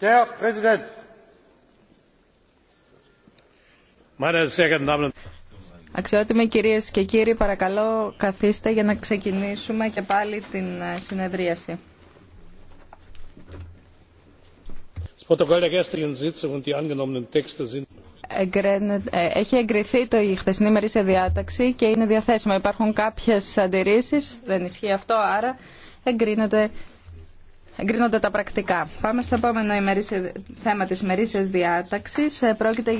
Herr Präsident! Αξιότιμοι κυρίε και κύριοι, παρακαλώ καθίστε για να ξεκινήσουμε και πάλι την συνεδρίαση. Έχει εγκριθεί το η χθεσινή μερίσια διάταξη και είναι διαθέσιμο. Υπάρχουν κάποιες αντιρρήσεις, δεν ισχύει αυτό, άρα εγκρίνεται Εγκρίνονται τα πρακτικά. Πάμε στο επόμενο θέμα της ημερήσιας διάταξης. Ε, πρόκειται